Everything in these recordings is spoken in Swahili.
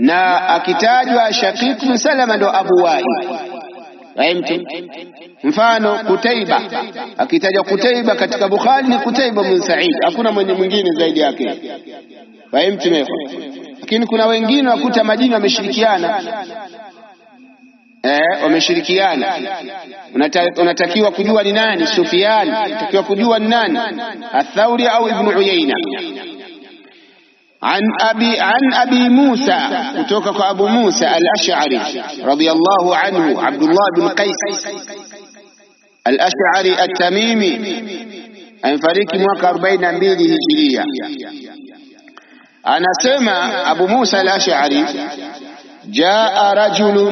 na akitajwa Shaqiq bin Salama ndo Abu Wai Fahimtu? Mfano Kutaiba, akitajwa Kutaiba katika Bukhari ni Kutaiba bin Said, hakuna mwenye mwingine zaidi yake. Fahimtu? Lakini kuna wengine wakuta majina wameshirikiana Eh, wameshirikiana. unatakiwa kujua ni nani Sufiani, unatakiwa kujua ni nani Athauri au Ibnu Uyaina عن أبي, عن أبي موسى كتوكك أبو موسى الأشعري رضي الله عنه عبد الله بن قيس الأشعري التميمي فريق موكا بين مبيلي هجرية أنا أبو موسى الأشعري جاء رجل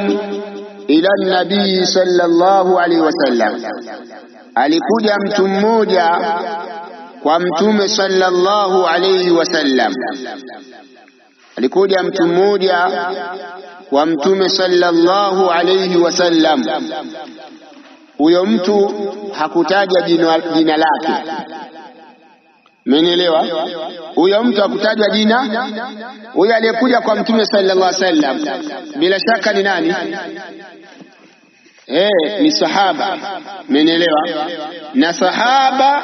إلى النبي صلى الله عليه وسلم alikuja mtu mmoja kwa Mtume sallallahu alayhi wasallam. Alikuja mtu mmoja kwa Mtume sallallahu alayhi wasallam, huyo mtu hakutaja jina, lake menielewa Huyo mtu hakutajwa jina. Huyo aliyekuja kwa mtume sallallahu alaihi wasallam bila shaka ni nani? eh, ni eh, sahaba, menelewa Na sahaba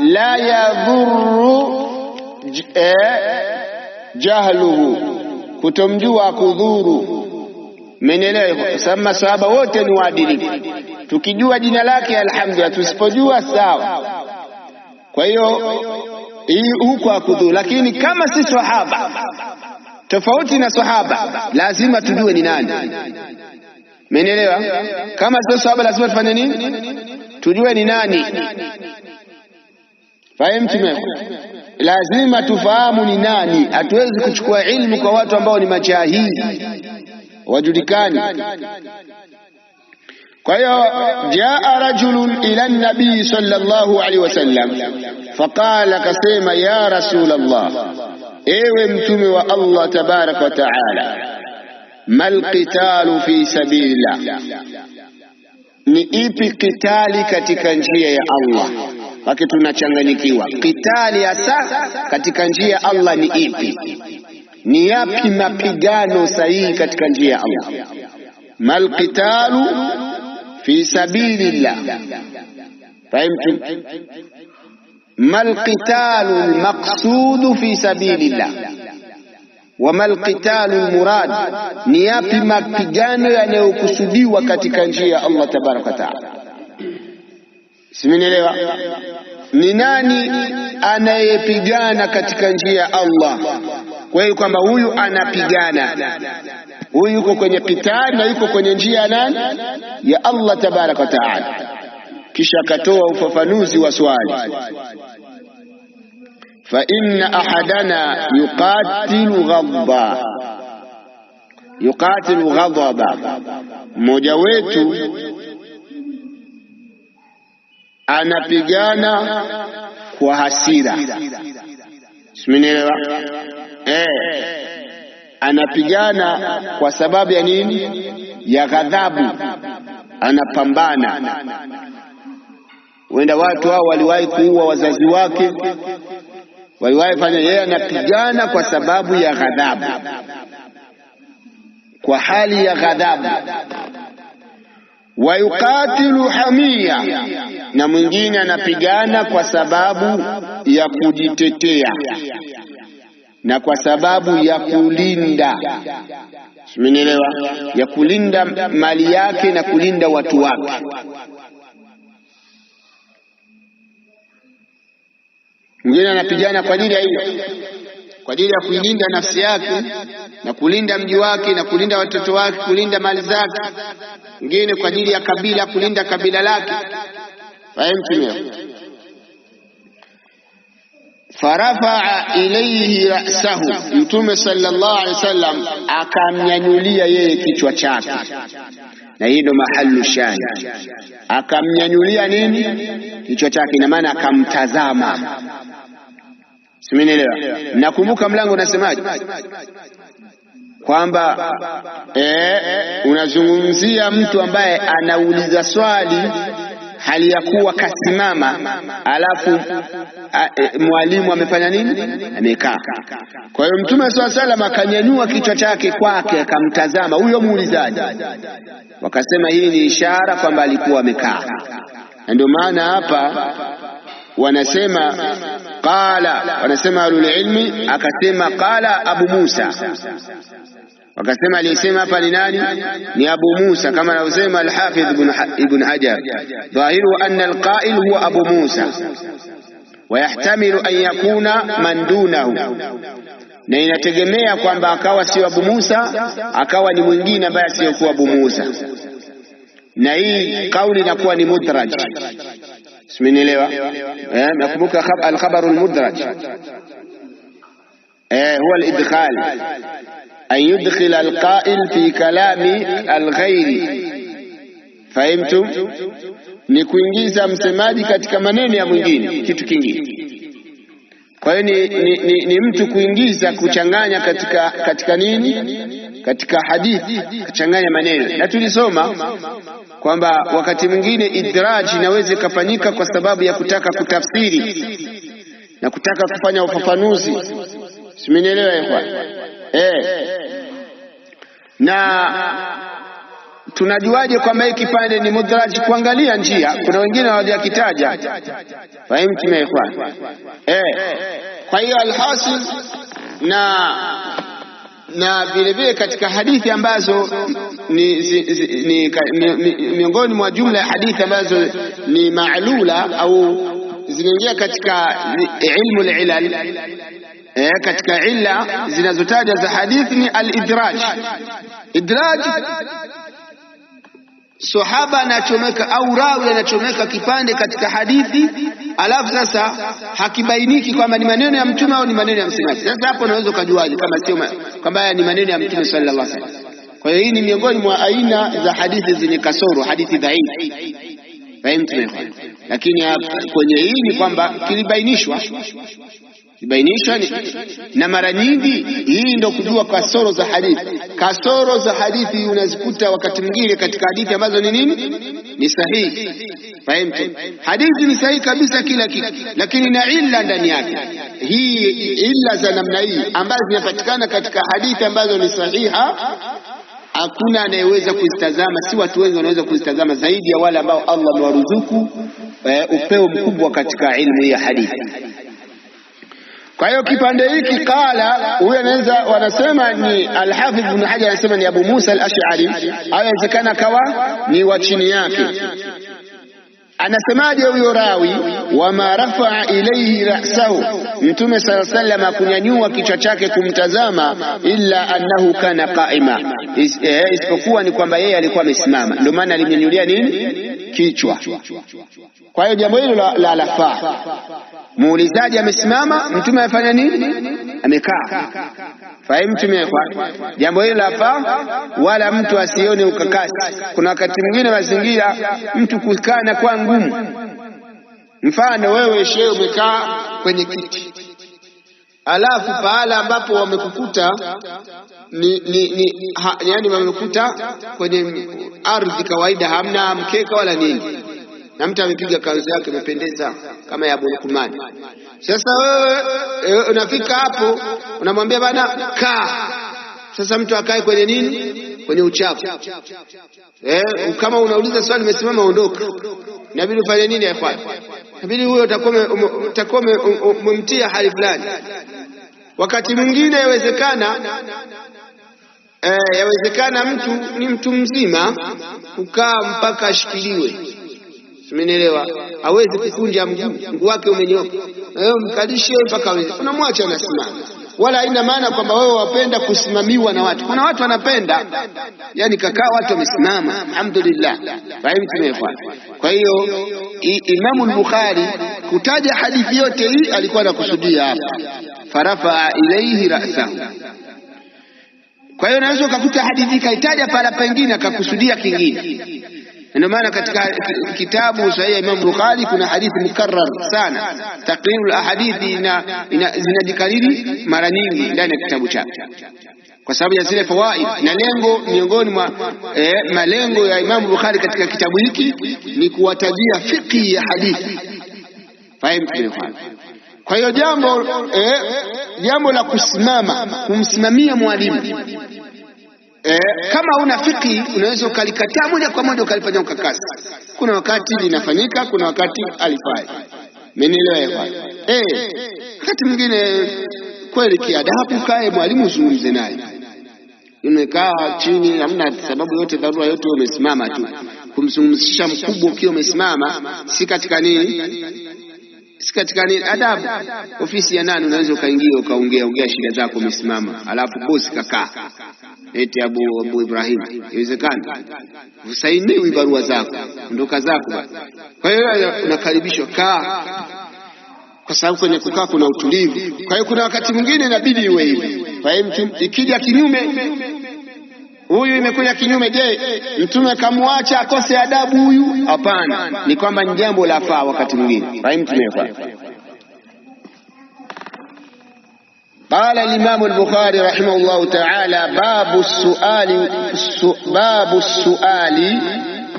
la yadhuru eh, jahluhu, kutomjua kudhuru, mmenielewa? Sama sahaba wote ni waadilifu, tukijua jina lake alhamdulillah, tusipojua sawa. Kwa hiyo hii huko akudhuru, lakini kama si sahaba tofauti na sahaba, lazima tujue ni nani Menelewa? Kama sio sahaba lazima tufanye nini? Tujue ni nani. Fahimu tume. Lazima tufahamu ni nani. Hatuwezi kuchukua ilmu kwa watu ambao ni majahili. Wajulikani. Kwa hiyo jaa rajulun ila nabii sallallahu alaihi wasallam faqala, kasema ya rasul ewe mtume wa Allah tabaraka wa taala mal qitalu fi sabilillah, ni ipi kitali katika njia ya Allah? Wakati tunachanganyikiwa, kitali hasa katika njia ya Allah ni ipi? Ni yapi mapigano sahihi katika njia ya Allah? mal qitalu fi sabilillah, fahimu? mal qitalu maqsudu fi sabilillah wama lqitalu lmurad, ni yapi mapigano yanayokusudiwa katika njia ya Allah tabaraka wataala. Simenielewa? Ni nani anayepigana katika njia ya Allah? Kwa hiyo kwamba huyu anapigana, huyu yuko kwenye kitali na yuko kwenye njia ya nani? Ya Allah tabaraka wataala. Kisha akatoa ufafanuzi wa swali fa inna ahadana yuqatilu ghadba, yuqatilu ghadaba, mmoja wetu anapigana kwa hasira. Simenielewa eh? Anapigana kwa sababu ya nini? Ya ghadhabu, anapambana. Wenda watu hao waliwahi kuua wazazi wake fanya, yeye anapigana kwa sababu ya ghadhabu, kwa hali ya ghadhabu. Wa yuqatilu hamia, na mwingine anapigana kwa sababu ya kujitetea na kwa sababu ya kulinda, simenielewa, ya kulinda mali yake na kulinda watu wake. Mwingine anapigana kwa ajili ya hiyo, kwa ajili ya kuilinda nafsi yake na kulinda mji wake na kulinda watoto wake, kulinda mali zake. Mwingine kwa ajili ya kabila, kulinda kabila lake. Fahimtum? Farafaa ilaihi rasahu, Mtume sallallahu alaihi wasallam akamnyanyulia yeye kichwa chake na hii ndo mahalu shani. Akamnyanyulia nini kichwa chake, ina maana akamtazama. Simenielewa? Nakumbuka mlango unasemaje kwamba eh, unazungumzia mtu ambaye anauliza swali hali ya kuwa kasimama, alafu e, mwalimu amefanya nini? Amekaa. Kwa hiyo Mtume swalla salam akanyanyua kichwa chake kwake, akamtazama huyo muulizaji, wakasema hii ni ishara kwamba alikuwa amekaa, na ndio maana hapa wanasema qala, wanasema ahlul ilmi, akasema qala Abu Musa Wakasema aliyesema hapa ni nani? Ni Abu Musa, kama anavyosema Alhafidh Ibn Hajar, dhahiruhu anna alqail huwa Abu Musa wayahtamilu an yakuna man dunahu, na inategemea kwamba akawa sio Abu Musa, akawa ni mwingine ambaye asiyokuwa Abu Musa, na hii kauli inakuwa ni mudraj. Simenielewa? Eh, nakumbuka alkhabaru lmudraj, eh huwa lidkhal an yudkhila alqa'il fi kalami alghairi. Fahimtum? Ni kuingiza msemaji katika maneno ya mwingine, kitu kingine. Kwa hiyo ni, ni, ni, ni mtu kuingiza kuchanganya katika, katika nini katika hadithi kuchanganya maneno, na tulisoma kwamba wakati mwingine idraji inaweza ikafanyika kwa sababu ya kutaka kutafsiri na kutaka kufanya ufafanuzi simenielewa eh? Na tunajuaje kwamba hii kipande ni mudraj? Kuangalia njia, kuna wengine hawajakitaja. Fahimtum ya eh? Kwa hiyo alhasil na na vilevile katika hadithi ambazo ni, zi, zi, ni, ni miongoni mwa jumla ya hadithi ambazo ni maalula au zinaingia katika ilmu lilal eh, katika illa zinazotajwa za hadithi ni al-idraj. Idraj, sahaba anachomeka au rawi anachomeka kipande katika hadithi, alafu sasa hakibainiki kwamba ni maneno ya mtume au ni maneno ya msemaji. Sasa hapo unaweza ukajuaje kama sio kwamba ni maneno ya mtume sallallahu alaihi wasallam? Kwa hiyo hii ni miongoni mwa aina za hadithi zenye kasoro, hadithi dhaifu lakini kwenye hii ni kwamba kilibainishwa Ibainishwa ni na mara nyingi hii ndio kujua kasoro za hadithi. Kasoro za hadithi unazikuta wakati mwingine katika hadithi ambazo ni nini, ni sahihi. Fahimtu, hadithi ni sahihi kabisa kila kitu, lakini na illa ndani yake. Hii illa za namna hii ambazo zinapatikana katika hadithi ambazo ni sahiha hakuna anayeweza kuzitazama, si watu wengi wanaweza kuzitazama zaidi ya wale ambao Allah amewaruzuku eh, upeo mkubwa katika ilmu ya hadithi. Kwa hiyo kipande hiki kala huyo anaweza, wanasema ni Alhafidh Ibn Hajar anasema ni Abu Musa Al-Ash'ari, awezekana kawa ni wa chini yake. Anasemaje huyo rawi? wama rafaa ilaihi rasahu, Mtume sala sallam akunyanyua kichwa chake kumtazama, illa annahu kana qaima, eh, isipokuwa ni kwamba yeye alikuwa amesimama, ndio maana alimnyanyulia nini kichwa. Kwa hiyo jambo hilo la lafaa muulizaji amesimama, mtume afanya nini? Amekaa. Fahimu mtume kwa jambo hili lafaa, wala mtu asione ukakasi. Kuna wakati mwingine mazingira mtu kukaa na kwa ngumu. Mfano wewe shehe umekaa kwenye kiti, alafu pahala ambapo wamekukuta ni, ni, ni, yani wamekuta kwenye ardhi kawaida, hamna mkeka wala nini na mtu amepiga kanzu yake imependeza kama ya Abu Sasa wewe eh, unafika hapo unamwambia bana, kaa. Sasa mtu akae kwenye nini? Kwenye uchafu eh. Kama unauliza swali, nimesimama, ondoka, inabidi ufanye nini? Afanye inabidi huyo utakuwa um, um, umemtia hali fulani. Wakati mwingine yawezekana eh, yawezekana mtu ni mtu mzima kukaa mpaka ashikiliwe simenelewa Hawezi kukunja mguu wake umenyoka, mkalishe mpaka unamwacha anasimama Wala haina maana kwamba wewe wapenda kusimamiwa na watu. Kuna watu wanapenda, yani kakaa watu wamesimama, alhamdulillah. Kwa hiyo Imamu al-Bukhari kutaja hadithi yote hii alikuwa anakusudia hapa, farafaa ilaihi rasahu kwa hiyo unaweza ukakuta hadithi kaitaja pala pengine akakusudia kingine. Ndio maana katika kitabu sahihi ya Imam Bukhari kuna hadithi mukarrar sana, takrirul ahadithi zinajikariri mara nyingi ndani ya kitabu chake kwa sababu ya zile fawaid na lengo miongoni mwa eh, malengo ya Imam Bukhari katika kitabu hiki ni kuwatajia fiqhi ya hadithi fahimu. Kwa hiyo jambo eh, jambo la kusimama kumsimamia mwalimu Eh, kama una fiki unaweza ukalikataa moja kwa moja ukalifanya ukakasi. Kuna wakati linafanyika, kuna wakati alifai. Mmenielewa? Eh, wakati mwingine kweli kiadabu, kae mwalimu uzungumze naye, umekaa chini, hamna sababu yote, dharura yote, umesimama tu kumzungumzisha mkubwa ukiwa umesimama, si katika nini si katika ni adabu. Ofisi ya nani unaweza ukaingia ukaongea ongea shida zako, umesimama alafu bosi kakaa eti Abu, Abu Ibrahim, iwezekana usainiwi barua zako, ondoka zako Kwa hiyo unakaribishwa kaa, kwa sababu kwenye kukaa kuna utulivu. Kwa hiyo kuna wakati mwingine inabidi iwe hivi, fahamu. Ikija kinyume huyu imekuja kinyume. Je, mtume kamwacha akose adabu huyu? Hapana, ni kwamba ni jambo la faa wakati mwingine rahimtumefa Qala Alimamu Albukhari rahimahu llahu taala, babu suali, su, babu suali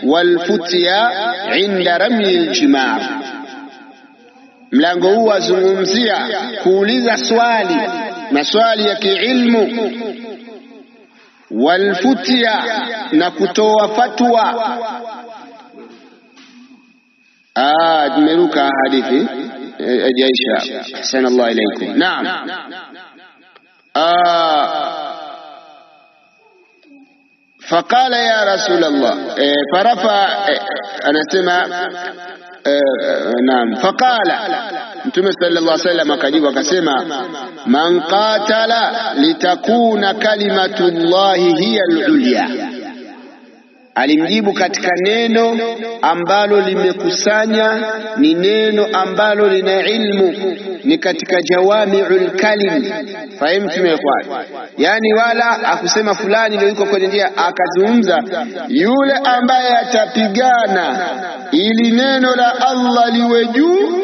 walfutya inda ramyi ljimar. Mlango huu azungumzia kuuliza swali, maswali ya kiilmu walfutia na kutoa fatwa. Ah, tumeruka hadithi ajaisha. Sallallahu alayhi. ilaikum. Naam, faqala ya rasulullah, farafa anasema Eh, naam. Faqala Mtume sallallahu alaihi wasallam akajibu akasema, man qatala litakuna kalimatullahi hiya al-ulya Alimjibu katika neno ambalo limekusanya, ni neno ambalo lina ilmu, ni katika jawamiul kalim. Fahimu tumeekwana, yaani wala akusema fulani ndio yuko kwenye njia, akazungumza yule ambaye atapigana ili neno la Allah liwe juu,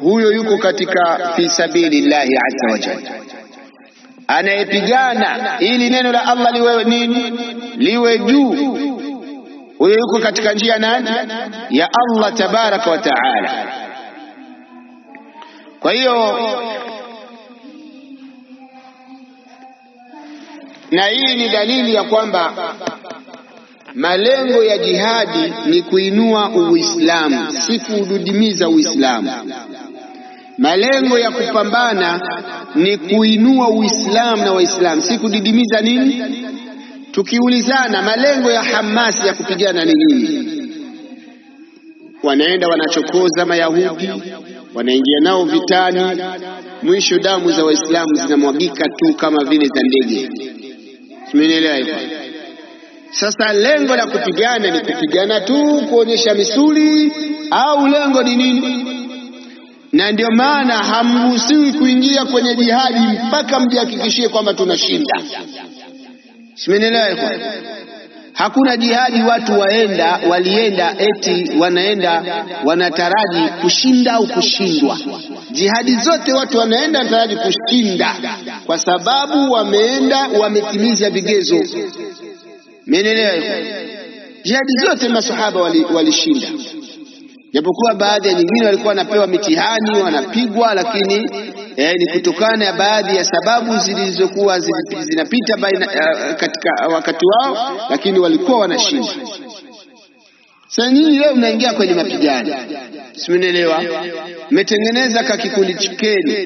huyo yuko katika fi sabilillahi azza jalla anayepigana ili neno la Allah liwe nini, liwe juu huyo yuko katika njia nani? Ya Allah tabaraka wa taala. Kwa hiyo na hii ni dalili ya kwamba malengo ya jihadi ni kuinua Uislamu, si kuududimiza Uislamu. Malengo ya kupambana ni kuinua Uislamu na Waislamu, si kudidimiza nini tukiulizana malengo ya Hamasi ya kupigana ni nini? Wanaenda wanachokoza Mayahudi, wanaingia nao vitani, mwisho damu za Waislamu zinamwagika tu kama vile za ndege. Simenielewa hivyo? Sasa lengo la kupigana ni kupigana tu kuonyesha misuli au lengo ni nini? Na ndio maana hamruhusiwi kuingia kwenye jihadi mpaka mjihakikishie kwamba tunashinda. Simenielewa iko hakuna jihadi watu waenda walienda eti wanaenda wanataraji kushinda au kushindwa. Jihadi zote watu wanaenda wanataraji kushinda, kwa sababu wameenda wametimiza vigezo. Menelewa hivyo? Jihadi zote masahaba walishinda wali, japokuwa baadhi ya nyingine walikuwa wanapewa mitihani wanapigwa, lakini eh, ni kutokana na baadhi ya sababu zilizokuwa zinapita baina uh, katika eh, wakati wao, lakini walikuwa wanashinda. Sasa nyinyi leo mnaingia kwenye mapigano, simnaelewa? Mmetengeneza ka kikundi chikeni,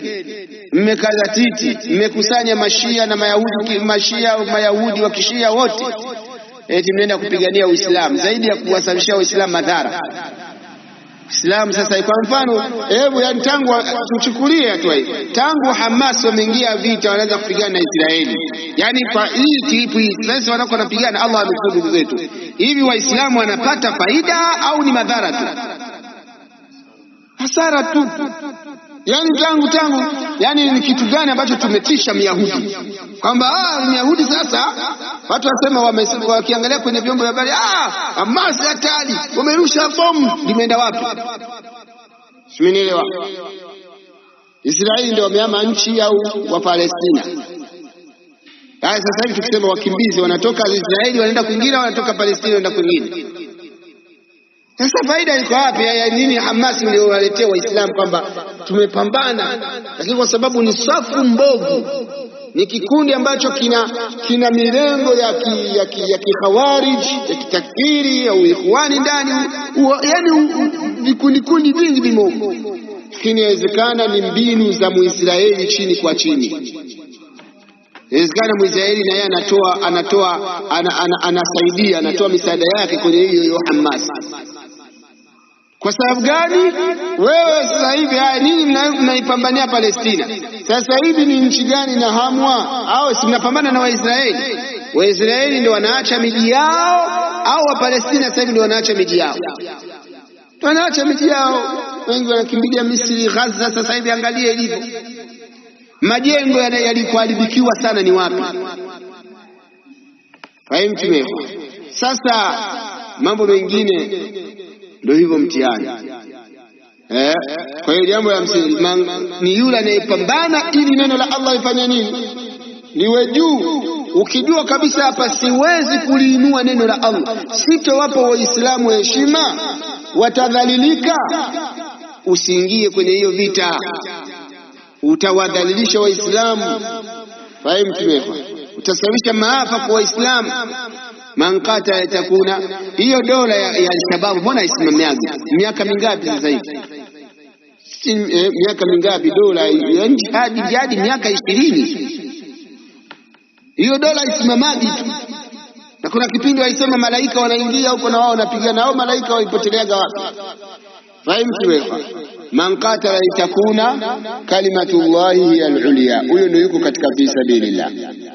mmekaza titi, mmekusanya mashia na mayahudi, mashia mayahudi wa kishia wote, eti mnaenda kupigania Uislamu zaidi ya kuwasababishia Waislamu madhara Islamu sasa, kwa mfano, hebu yani, tangu tuchukulie hatua hii, tangu Hamas wameingia vita, wanaanza kupigana na Israeli, yani kwa hii klipu hii sasa wanako wanapigana, Allah amekuwa ndugu zetu. Hivi waislamu wanapata faida au ni madhara tu, hasara tu? yani tangu tangu, yani ni kitu gani ambacho tumetisha Myahudi kwamba ah, Myahudi sasa watu wasema, wakiangalia kwenye vyombo vya habari ah, Hamas hatari, wamerusha bomu, limeenda wapi? Simenielewa? Israeli ndio wameama nchi au wa Palestina? Haya, sasa hivi tukisema wakimbizi wanatoka Israeli wanaenda kwingine, wanatoka Palestina wanaenda kwingine sasa faida iko wapi ya nini? ndio waletea Waislamu kwamba tumepambana, lakini kwa sababu ni safu mbovu, ni kikundi ambacho kina kina mirengo ya kikhawariji ya, ki, ya kitakfiri ya uikhwani ndani, yaani vikundi kundi vingi vimo, lakini inawezekana ni mbinu za Muisraeli chini kwa chini Inawezekana Mwisraeli na yeye anatoa anatoa anasaidia anatoa misaada yake kwenye hiyo hiyo Hamas. Kwa sababu gani? Wewe sasa hivi haya nini mnaipambania Palestina? Sasa hivi ni nchi gani na hamwa au si mnapambana na Waisraeli? Waisraeli ndio wanaacha miji yao au Wapalestina sasa hivi ndio wanaacha miji yao? Wanaacha miji yao, wengi wanakimbilia Misri, Gaza sasa hivi angalia ilivyo. Majengo yalikoharibikiwa sana ni wapi? Fahimu tumeo. Sasa mambo mengine ndio hivyo mtihani eh. Kwa hiyo jambo la msingi ni yule anayepambana ili neno la Allah lifanye nini, liwe juu. Ukijua kabisa hapa siwezi kuliinua neno la Allah, sitowapo Waislamu heshima, watadhalilika, usiingie kwenye hiyo vita, utawadhalilisha Waislamu. Fahimu, tumekwa utasababisha maafa kwa Waislamu mankata yatakuna. Hiyo dola ya, ya Alshababu mbona isimamiaga Miaka mingapi sasa hivi? Eh, miaka mingapi? Dola ya hadi hadi miaka ishirini, hiyo dola isimamaji tu, na kuna kipindi waisema malaika wanaingia huko na wao wanapigana. Hao malaika waipoteleaga wapi? fahimtuweka man qatala litakuna kalimatullahi hiya alulia, huyo ndio yuko katika fi sabilillah.